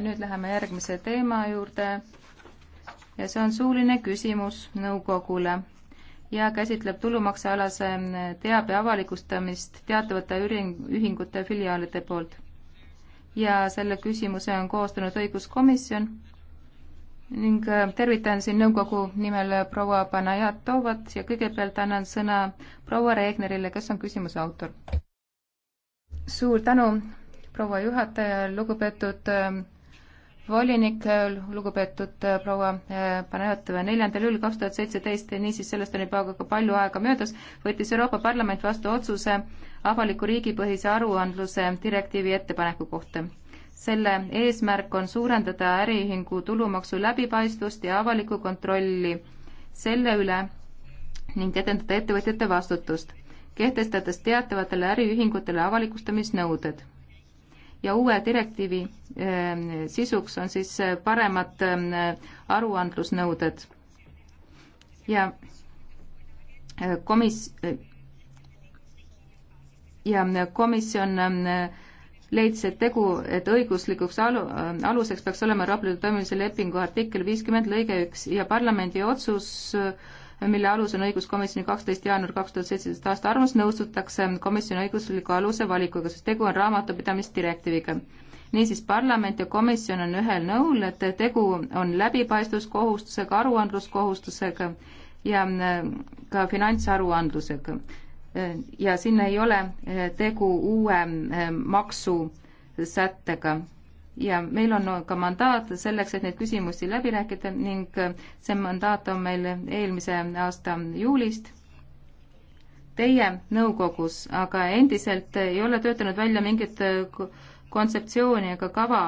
ja nüüd läheme järgmise teema juurde ja see on suuline küsimus nõukogule ja käsitleb tulumaksualase teabe avalikustamist teatavate ühingute filiaalide poolt. ja selle küsimuse on koostanud õiguskomisjon ning äh, tervitan siin nõukogu nimel proua Panajatovat ja kõigepealt annan sõna proua Reegnerile, kes on küsimuse autor. suur tänu, proua juhataja, lugupeetud äh, volinik, lugupeetud äh, proua äh, Panajotova, neljandal juulil kaks tuhat seitseteist, niisiis sellest on juba ka palju aega möödas, võttis Euroopa Parlament vastu otsuse avaliku riigipõhise aruandluse direktiivi ettepaneku kohta. selle eesmärk on suurendada äriühingu tulumaksu läbipaistvust ja avalikku kontrolli selle üle ning edendada ettevõtjate vastutust, kehtestades teatavatele äriühingutele avalikustamisnõuded ja uue direktiivi ähm, sisuks on siis äh, paremad ähm, aruandlusnõuded. ja äh, komis-, äh, ja komisjon ähm, leidis, et tegu, et õiguslikuks alu, aluseks peaks olema Euroopa Liidu toimimise lepingu artikkel viiskümmend lõige üks ja parlamendi otsus äh, mille alus on õiguskomisjoni kaksteist jaanuar kaks tuhat seitseteist aasta arvamus, nõustutakse komisjoni õigusliku aluse valikuga, sest tegu on raamatupidamisdirektiiviga. niisiis, parlament ja komisjon on ühel nõul, et tegu on läbipaistvuskohustusega, aruandluskohustusega ja äh, ka finantsaruandlusega. Äh, ja siin ei ole äh, tegu uue maksusättega ja meil on ka mandaat selleks, et neid küsimusi läbi rääkida ning see mandaat on meil eelmise aasta juulist. Teie nõukogus aga endiselt ei ole töötanud välja mingit kontseptsiooni ega kava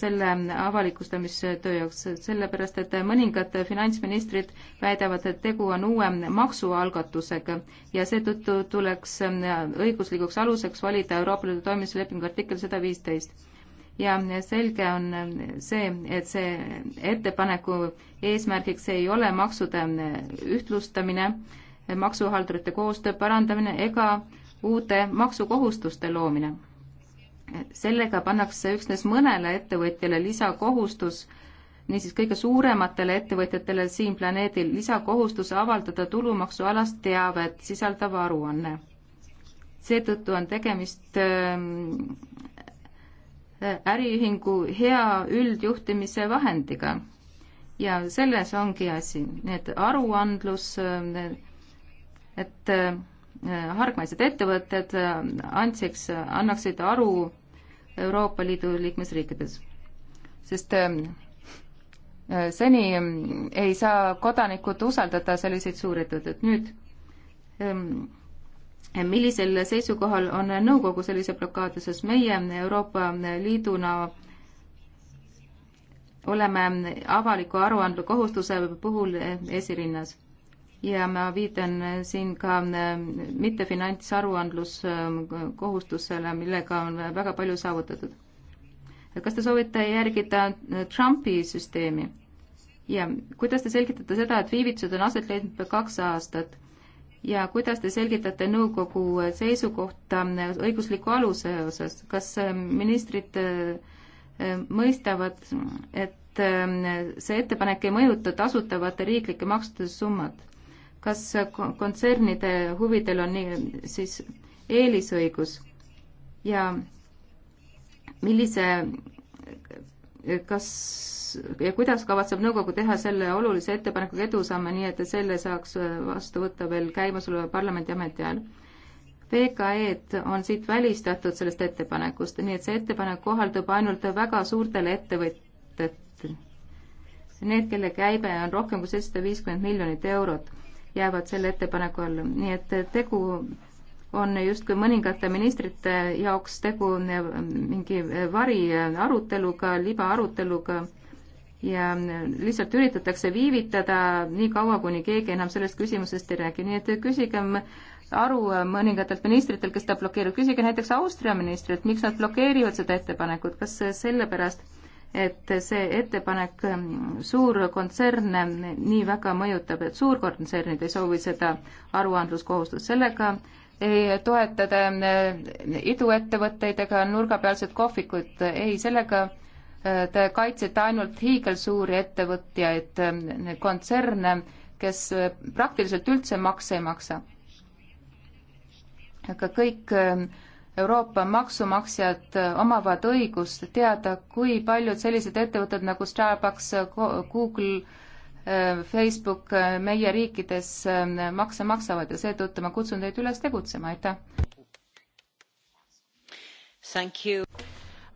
selle avalikustamistöö jaoks, sellepärast et mõningad finantsministrid väidavad, et tegu on uue maksualgatusega ja seetõttu tuleks õiguslikuks aluseks valida Euroopa Liidu toimimislepingu artikkel sada viisteist ja selge on see, et see ettepaneku eesmärgiks ei ole maksude ühtlustamine, maksuhaldurite koostöö parandamine ega uute maksukohustuste loomine. sellega pannakse üksnes mõnele ettevõtjale lisakohustus, niisiis kõige suurematele ettevõtjatele siin planeedil lisakohustus avaldada tulumaksualast teavet sisaldav aruanne. seetõttu on tegemist ähm, äriühingu hea üldjuhtimise vahendiga. ja selles ongi asi, need aruandlus, et äh, hargmaised ettevõtted äh, andseks, annaksid aru Euroopa Liidu liikmesriikides. sest äh, seni ei saa kodanikud usaldada selliseid suurettevõtteid, nüüd ähm, millisel seisukohal on nõukogu sellise blokaadi osas, meie Euroopa Liiduna oleme avaliku aruandlu kohustuse puhul esirinnas ja ma viitan siin ka mittefinantsaruandluskohustusele, millega on väga palju saavutatud. kas te soovite järgida Trumpi süsteemi ja kuidas te selgitate seda, et viivitused on aset leidnud kaks aastat ja kuidas te selgitate nõukogu seisukohta õigusliku aluse osas, kas äh, ministrid äh, äh, mõistavad, et see ettepanek ei mõjuta tasutavate riiklike maksude summad? kas kontsernide huvidel on nii, siis eelisõigus ja millise kas ja kuidas kavatseb nõukogu teha selle olulise ettepanekuga edusamme, nii et selle saaks vastu võtta veel käimasoleva parlamendi ametiajal? VKE-d on siit välistatud sellest ettepanekust, nii et see ettepanek kohaldub ainult väga suurtele ettevõtetele. Need, kelle käibe on rohkem kui seitsesada viiskümmend miljonit eurot, jäävad selle ettepaneku alla, nii et tegu on justkui mõningate ministrite jaoks tegu mingi variaruteluga, libaaruteluga ja lihtsalt üritatakse viivitada nii kaua, kuni keegi enam sellest küsimusest ei räägi, nii et küsigem aru mõningatelt ministritelt, kes seda blokeerivad, küsige näiteks Austria ministrilt, miks nad blokeerivad seda ettepanekut, kas sellepärast, et see ettepanek suurkontserne nii väga mõjutab, et suurkontsernid ei soovi seda aruandluskohustust, sellega ei toetada eh, iduettevõtteid ega nurgapealset kohvikut, ei, sellega eh, te kaitsete ainult hiigelsuuri ettevõtjaid, eh, kontserne, kes praktiliselt üldse makse ei maksa. aga kõik Euroopa maksumaksjad omavad õigust teada, kui paljud sellised ettevõtted nagu Starbucks, Google, Äh, Facebook äh, meie riikides äh, makse maksavad ja seetõttu ma kutsun teid üles tegutsema, aitäh!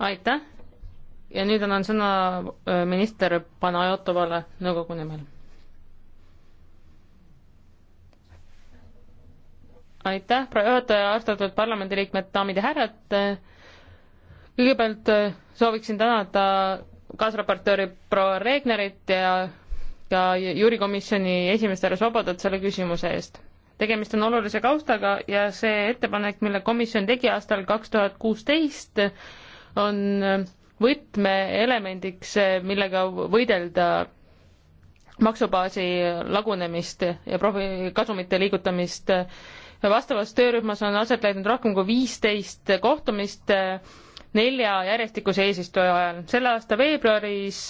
aitäh ja nüüd annan sõna minister Panajotovale nõukogu nimel. aitäh, proua juhataja, austatud parlamendiliikmed, daamid ja härrad. kõigepealt sooviksin tänada kaasraportööri proua Regnerit ja ka juurikomisjoni esimeest härra Sobodat selle küsimuse eest. tegemist on olulise kaustaga ja see ettepanek, mille komisjon tegi aastal kaks tuhat kuusteist, on võtmeelemendiks, millega võidelda maksubaasi lagunemist ja profi-, kasumite liigutamist. vastavas töörühmas on aset leidnud rohkem kui viisteist kohtumist nelja järjestikuse eesistuja ajal. selle aasta veebruaris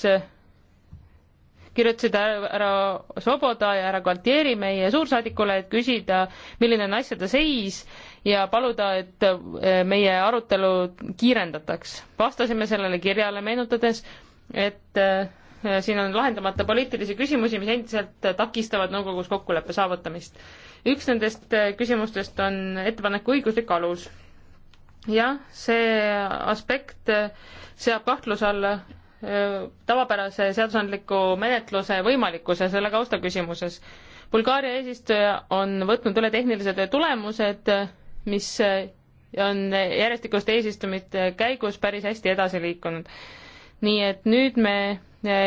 kirjutasid härra Soboda ja härra Gualtieri meie suursaadikule, et küsida, milline on asjade seis ja paluda, et e, meie arutelu kiirendataks. vastasime sellele kirjale meenutades, et e, siin on lahendamata poliitilisi küsimusi, mis endiselt takistavad nõukogus kokkuleppe saavutamist. üks nendest e, küsimustest on ettepaneku õiguslik alus. jah, see aspekt seab kahtluse alla tavapärase seadusandliku menetluse võimalikkuse selle kausta küsimuses. Bulgaaria eesistuja on võtnud üle tehnilised tulemused, mis on järjestikuste eesistumite käigus päris hästi edasi liikunud. nii et nüüd me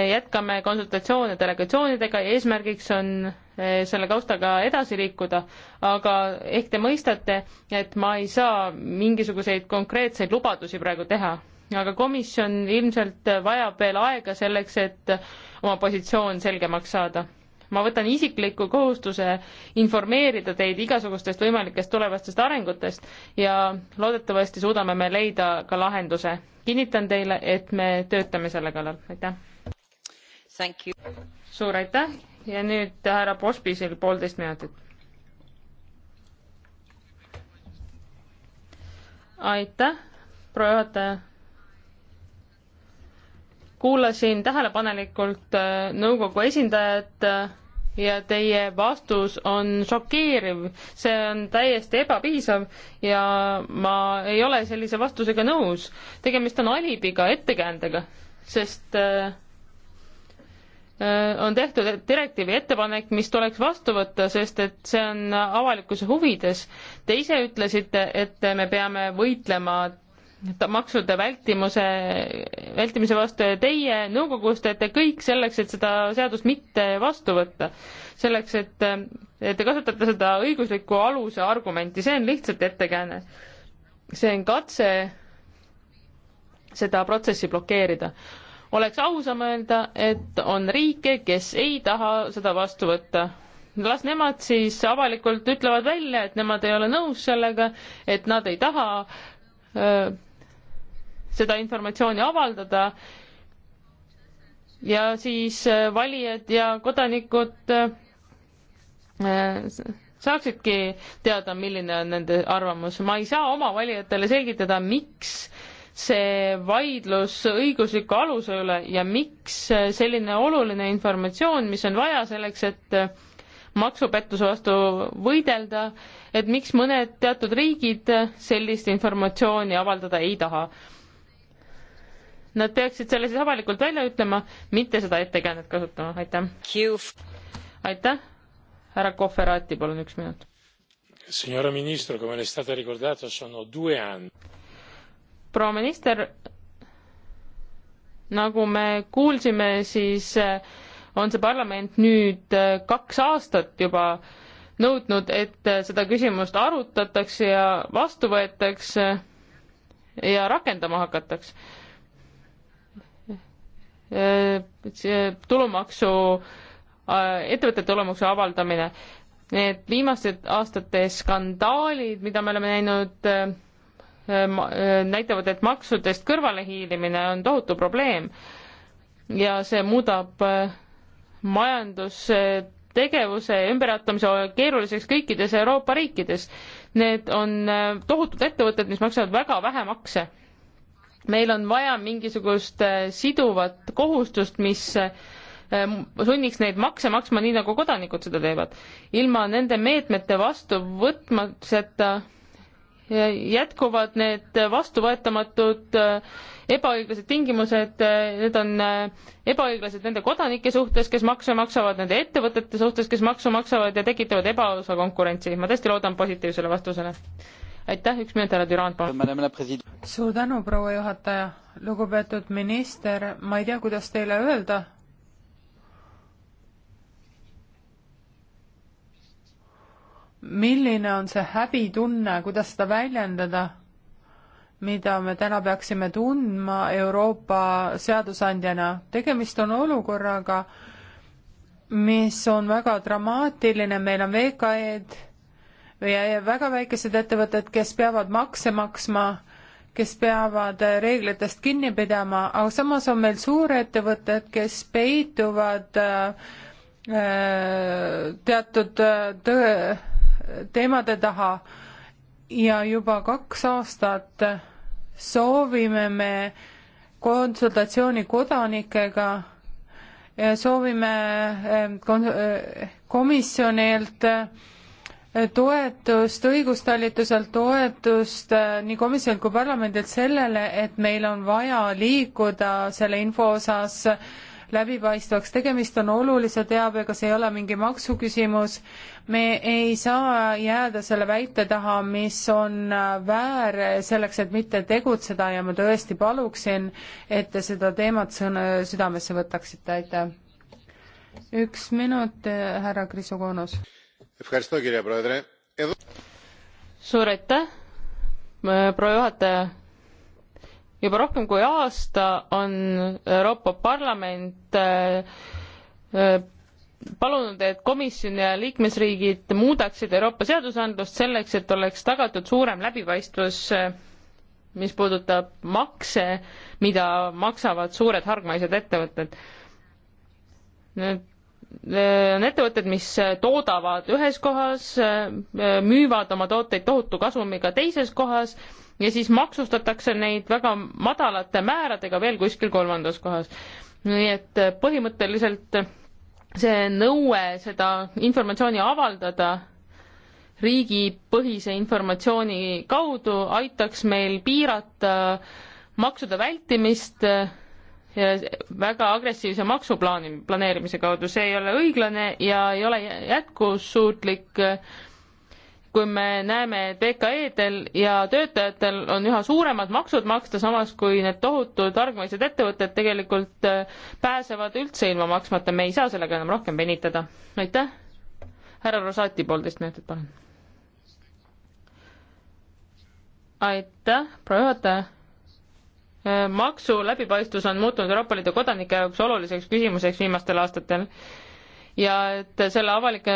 jätkame konsultatsioone delegatsioonidega ja eesmärgiks on eh, selle kaustaga edasi liikuda, aga ehk te mõistate, et ma ei saa mingisuguseid konkreetseid lubadusi praegu teha aga komisjon ilmselt vajab veel aega selleks, et oma positsioon selgemaks saada. ma võtan isikliku kohustuse informeerida teid igasugustest võimalikest tulevastest arengutest ja loodetavasti suudame me leida ka lahenduse. kinnitan teile, et me töötame selle kallal, aitäh! suur aitäh ja nüüd härra Pospisil poolteist minutit. aitäh, proua juhataja kuulasin tähelepanelikult äh, nõukogu esindajat äh, ja teie vastus on šokeeriv. see on täiesti ebapiisav ja ma ei ole sellise vastusega nõus. tegemist on alibiga, ettekäändega, sest äh, on tehtud direktiivi ettepanek, mis tuleks vastu võtta, sest et see on avalikkuse huvides. Te ise ütlesite, et me peame võitlema maksude vältimuse, vältimise vastu ja teie nõukogus teete kõik selleks, et seda seadust mitte vastu võtta. selleks, et, et te kasutate seda õigusliku aluse argumenti, see on lihtsalt ettekääne. see on katse seda protsessi blokeerida. oleks ausam öelda, et on riike, kes ei taha seda vastu võtta las nemad siis avalikult ütlevad välja, et nemad ei ole nõus sellega, et nad ei taha öö, seda informatsiooni avaldada ja siis äh, valijad ja kodanikud äh, saaksidki teada, milline on nende arvamus. ma ei saa oma valijatele selgitada, miks see vaidlus õigusliku aluse üle ja miks äh, selline oluline informatsioon, mis on vaja selleks, et maksupettuse vastu võidelda, et miks mõned teatud riigid sellist informatsiooni avaldada ei taha Nad peaksid selle siis avalikult välja ütlema, mitte seda ettekäändet kasutama, aitäh. aitäh, härra Kohveraati, palun üks minut. proua minister, nagu me kuulsime, siis eh, on see parlament nüüd eh, kaks aastat juba nõudnud, et eh, seda küsimust arutatakse ja vastu võetakse ja rakendama hakatakse Äh, äh, tulumaksu, äh, ettevõtete tulumaksu avaldamine. Need viimaste aastate skandaalid, mida me oleme näinud, näitavad, et maksudest kõrvalehiilimine on tohutu probleem ja see muudab majandustegevuse ümberjaotamise keeruliseks kõikides Euroopa riikides. Need on tohutud ettevõtted, mis maksavad väga vähe makse meil on vaja mingisugust äh, siduvat kohustust, mis äh, sunniks neid makse maksma nii, nagu kodanikud seda teevad. ilma nende meetmete vastu võtmaseta äh, jätkuvad need vastuvõetamatud ebaõiglased tingimused, need on ebaõiglased nende kodanike suhtes, kes makse maksavad, nende ettevõtete suhtes, kes maksu maksavad ja tekitavad ebaausa konkurentsi. ma tõesti loodan positiivsele vastusele aitäh, üks minut, härra Düran, palun. suur tänu, proua juhataja. lugupeetud minister, ma ei tea, kuidas teile öelda. milline on see häbitunne, kuidas seda väljendada, mida me täna peaksime tundma Euroopa seadusandjana? tegemist on olukorraga, mis on väga dramaatiline, meil on VKE-d väga väikesed ettevõtted, kes peavad makse maksma, kes peavad äh, reeglitest kinni pidama, aga samas on meil suurettevõtted, kes peituvad äh, äh, teatud teemade taha ja juba kaks aastat soovime me konsultatsiooni kodanikega, soovime komisjonilt äh, toetust, õigustalituselt toetust äh, nii komisjonilt kui parlamendilt sellele, et meil on vaja liikuda selle info osas läbipaistvaks, tegemist on olulise teabega, see ei ole mingi maksuküsimus, me ei saa jääda selle väite taha, mis on äh, väär selleks, et mitte tegutseda ja ma tõesti paluksin, et te seda teemat sõna, südamesse võtaksite, aitäh. üks minut, äh, härra Kriso Koonus suur aitäh, äh, proua juhataja. juba rohkem kui aasta on Euroopa Parlament äh, äh, palunud, et komisjon ja liikmesriigid muudaksid Euroopa seadusandlust selleks, et oleks tagatud suurem läbipaistvus, mis puudutab makse, mida maksavad suured hargmaised ettevõtted. Need on ettevõtted, mis toodavad ühes kohas, müüvad oma tooteid tohutu kasumiga teises kohas ja siis maksustatakse neid väga madalate määradega veel kuskil kolmandas kohas. nii et põhimõtteliselt see nõue seda informatsiooni avaldada riigipõhise informatsiooni kaudu aitaks meil piirata maksude vältimist väga agressiivse maksuplaani planeerimise kaudu, see ei ole õiglane ja ei ole jätkusuutlik, kui me näeme, et VKE-del ja töötajatel on üha suuremad maksud maksta, samas kui need tohutud argmaised ettevõtted tegelikult äh, pääsevad üldse ilma maksmata, me ei saa sellega enam rohkem venitada. aitäh, härra Rosati, poolteist minutit, palun. aitäh, proua juhataja Äh, maksu läbipaistvus on muutunud Euroopa Liidu kodanike jaoks oluliseks küsimuseks viimastel aastatel ja et selle avalike,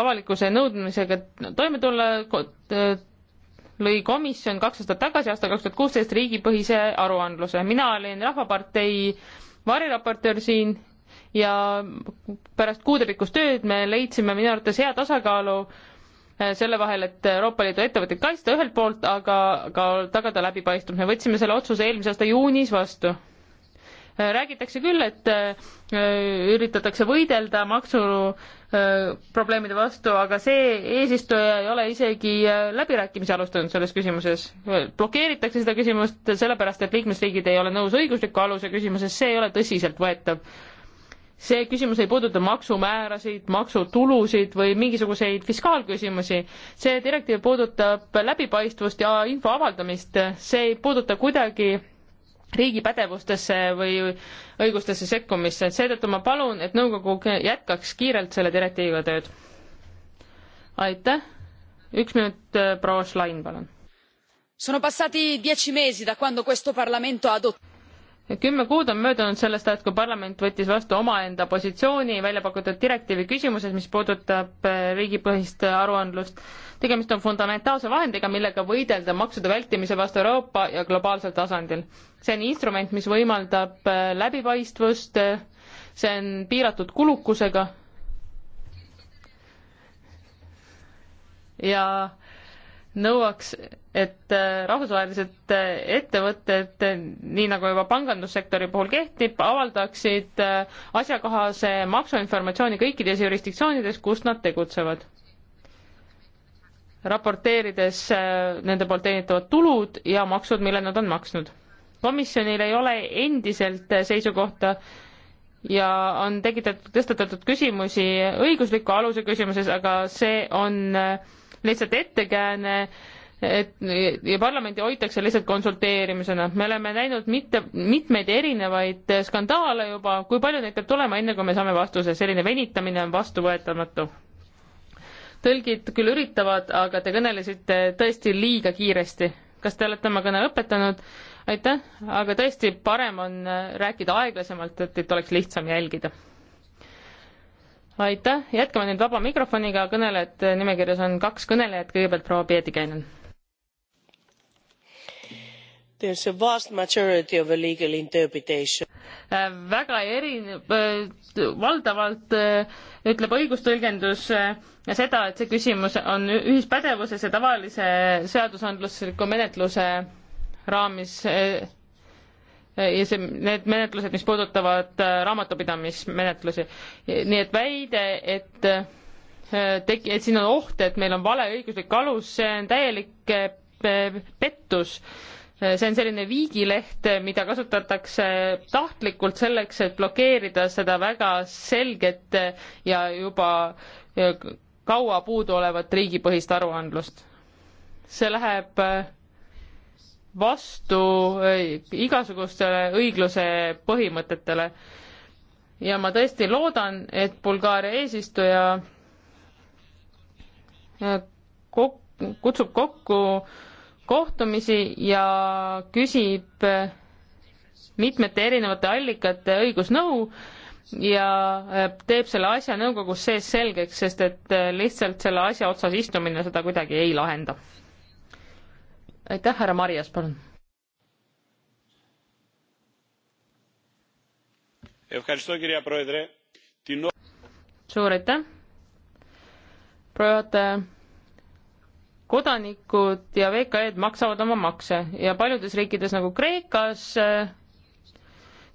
avalikkuse nõudmisega toime tulla, äh, lõi komisjon kaks aastat tagasi, aastal kaks tuhat kuusteist, riigipõhise aruandluse. mina olin Rahvapartei variraportöör siin ja pärast kuudepikkust tööd me leidsime minu arvates hea tasakaalu äh, Äh, selle vahel, et Euroopa Liidu ettevõtteid kaitsta ühelt poolt, aga ka tagada läbipaistvus. me võtsime selle otsuse eelmise aasta juunis vastu. Äh, räägitakse küll, et äh, üritatakse võidelda maksuprobleemide vastu, aga see eesistuja ei ole isegi läbirääkimisi alustanud selles küsimuses. blokeeritakse seda küsimust sellepärast, et liikmesriigid ei ole nõus õigusliku aluse küsimuses, see ei ole tõsiseltvõetav see küsimus ei puuduta maksumäärasid, maksutulusid või mingisuguseid fiskaalküsimusi. see direktiiv puudutab läbipaistvust ja info avaldamist, see ei puuduta kuidagi riigi pädevustesse või õigustesse sekkumisse, seetõttu ma palun, et nõukogu jätkaks kiirelt selle direktiiviga tööd. aitäh, üks minut, äh, proua Schlein, palun. Sono passati dieci mesi da quando questo parlamento ha adottato kümme kuud on möödunud sellest ajast, kui parlament võttis vastu omaenda positsiooni välja pakutud direktiivi küsimuses, mis puudutab äh, riigipõhist aruandlust. tegemist on fundamentaalse vahendiga, millega võidelda maksude vältimise vastu Euroopa ja globaalsel tasandil. see on instrument, mis võimaldab äh, läbipaistvust, äh, see on piiratud kulukusega ja nõuaks, et äh, rahvusvahelised äh, ettevõtted, nii nagu juba pangandussektori puhul kehtib, avaldaksid äh, asjakohase maksuinformatsiooni kõikides jurisdiktsioonides, kus nad tegutsevad. raporteerides nende poolt teenitavad tulud ja maksud, mille nad on maksnud. komisjonil ei ole endiselt seisukohta, ja on tekitatud, tõstatatud küsimusi õigusliku aluse küsimuses, aga see on äh, lihtsalt ettekääne, et ja parlamendi hoitakse lihtsalt konsulteerimisena. me oleme näinud mitte, mitmeid erinevaid skandaale juba, kui palju neid peab tulema, enne kui me saame vastuse, selline venitamine on vastuvõetamatu. tõlgid küll üritavad, aga te kõnelesite tõesti liiga kiiresti. kas te olete oma kõne õpetanud? aitäh, aga tõesti, parem on rääkida aeglasemalt, et, et oleks lihtsam jälgida aitäh, jätkame nüüd vaba mikrofoniga, kõnelejate nimekirjas on kaks kõnelejat, kõigepealt proua Pietikäinen. There is a vast majority of illegal interpretation äh, väga erinev, äh, valdavalt äh, ütleb õigustõlgendus seda, et see küsimus on ühispädevuses ja tavalise seadusandlusliku menetluse raamis ja see, need menetlused, mis puudutavad äh, raamatupidamismenetlusi. nii et väide, et äh, teki-, et siin on oht, et meil on vale õiguslik alus, see on täielik äh, pettus. see on selline viigileht, mida kasutatakse tahtlikult selleks, et blokeerida seda väga selget ja juba kaua puuduolevat riigipõhist aruandlust. see läheb vastu igasugustele õigluse põhimõtetele. ja ma tõesti loodan, et Bulgaaria eesistuja äh, kok-, kutsub kokku kohtumisi ja küsib äh, mitmete erinevate allikate õigusnõu ja äh, teeb selle asja nõukogus sees selgeks, sest et lihtsalt selle asja otsas istumine seda kuidagi ei lahenda aitäh, härra Marjas, palun. suur aitäh, proua juhataja kodanikud ja VKE-d maksavad oma makse ja paljudes riikides nagu Kreekas,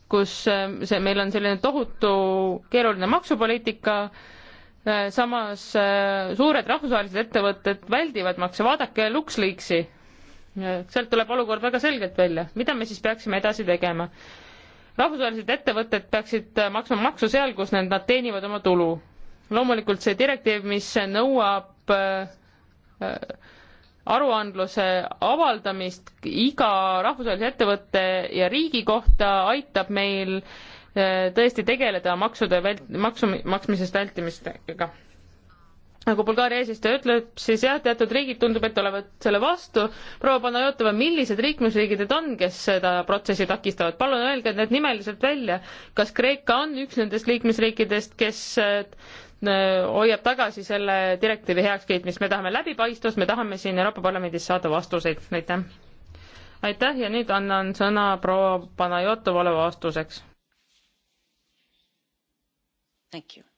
kus eh, see, meil on selline tohutu keeruline maksupoliitika, eh, samas eh, suured rahvusvahelised ettevõtted väldivad makse, vaadake LuxLeaksi, sealt tuleb olukord väga selgelt välja. mida me siis peaksime edasi tegema? rahvusvahelised ettevõtted peaksid äh, maksma maksu seal, kus need, nad teenivad oma tulu. loomulikult see direktiiv, mis nõuab äh, äh, aruandluse avaldamist iga rahvusvahelise ettevõtte ja riigi kohta, aitab meil tõesti tegeleda maksude vält-, maksu, maksmisest vältimistega nagu Bulgaaria eesistuja ütleb, siis jah, teatud riigid tundub, et olevat selle vastu. proua Panajotova, millised liikmesriigid need on, kes seda protsessi takistavad? palun öelge need nimeliselt välja. kas Kreeka on üks nendest liikmesriikidest, kes äh, hoiab tagasi selle direktiivi heakskiitmist? me tahame läbipaistvust, me tahame siin Euroopa Parlamendis saada vastuseid. aitäh. aitäh ja nüüd annan sõna proua Panajotovale vastuseks. Thank you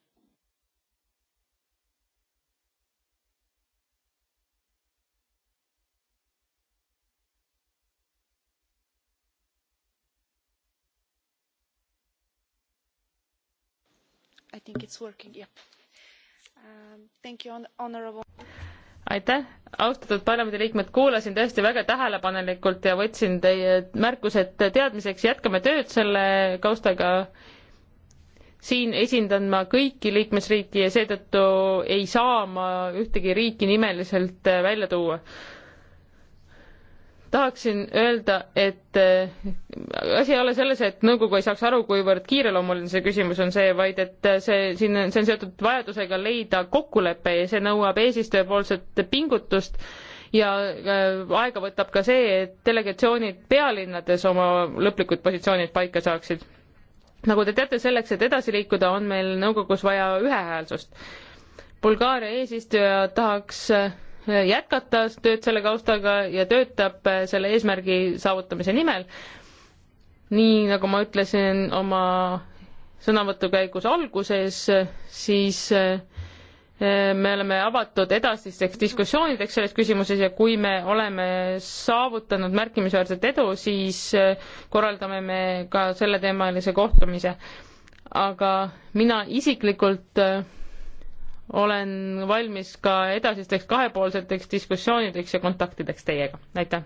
Um, aitäh, austatud parlamendiliikmed, kuulasin tõesti väga tähelepanelikult ja võtsin teie märkused teadmiseks, jätkame tööd selle kaustaga. siin esindan ma kõiki liikmesriiki ja seetõttu ei saa ma ühtegi riiki nimeliselt välja tuua tahaksin öelda, et äh, asi ei ole selles, et nõukogu ei saaks aru, kuivõrd kiireloomuline see küsimus on see, vaid et äh, see siin, see on seotud vajadusega leida kokkulepe ja see nõuab eesistujapoolset pingutust ja äh, aega võtab ka see, et delegatsioonid pealinnades oma lõplikud positsioonid paika saaksid. nagu te teate, selleks, et edasi liikuda, on meil nõukogus vaja ühehäälsust. Bulgaaria eesistuja tahaks jätkata tööd selle kaustaga ja töötab äh, selle eesmärgi saavutamise nimel. nii nagu ma ütlesin oma sõnavõtu käigus alguses, siis äh, me oleme avatud edasisteks diskussioonideks selles küsimuses ja kui me oleme saavutanud märkimisväärset edu, siis äh, korraldame me ka selleteemalise kohtumise. aga mina isiklikult olen valmis ka edasisteks kahepoolseteks diskussioonideks ja kontaktideks teiega, aitäh!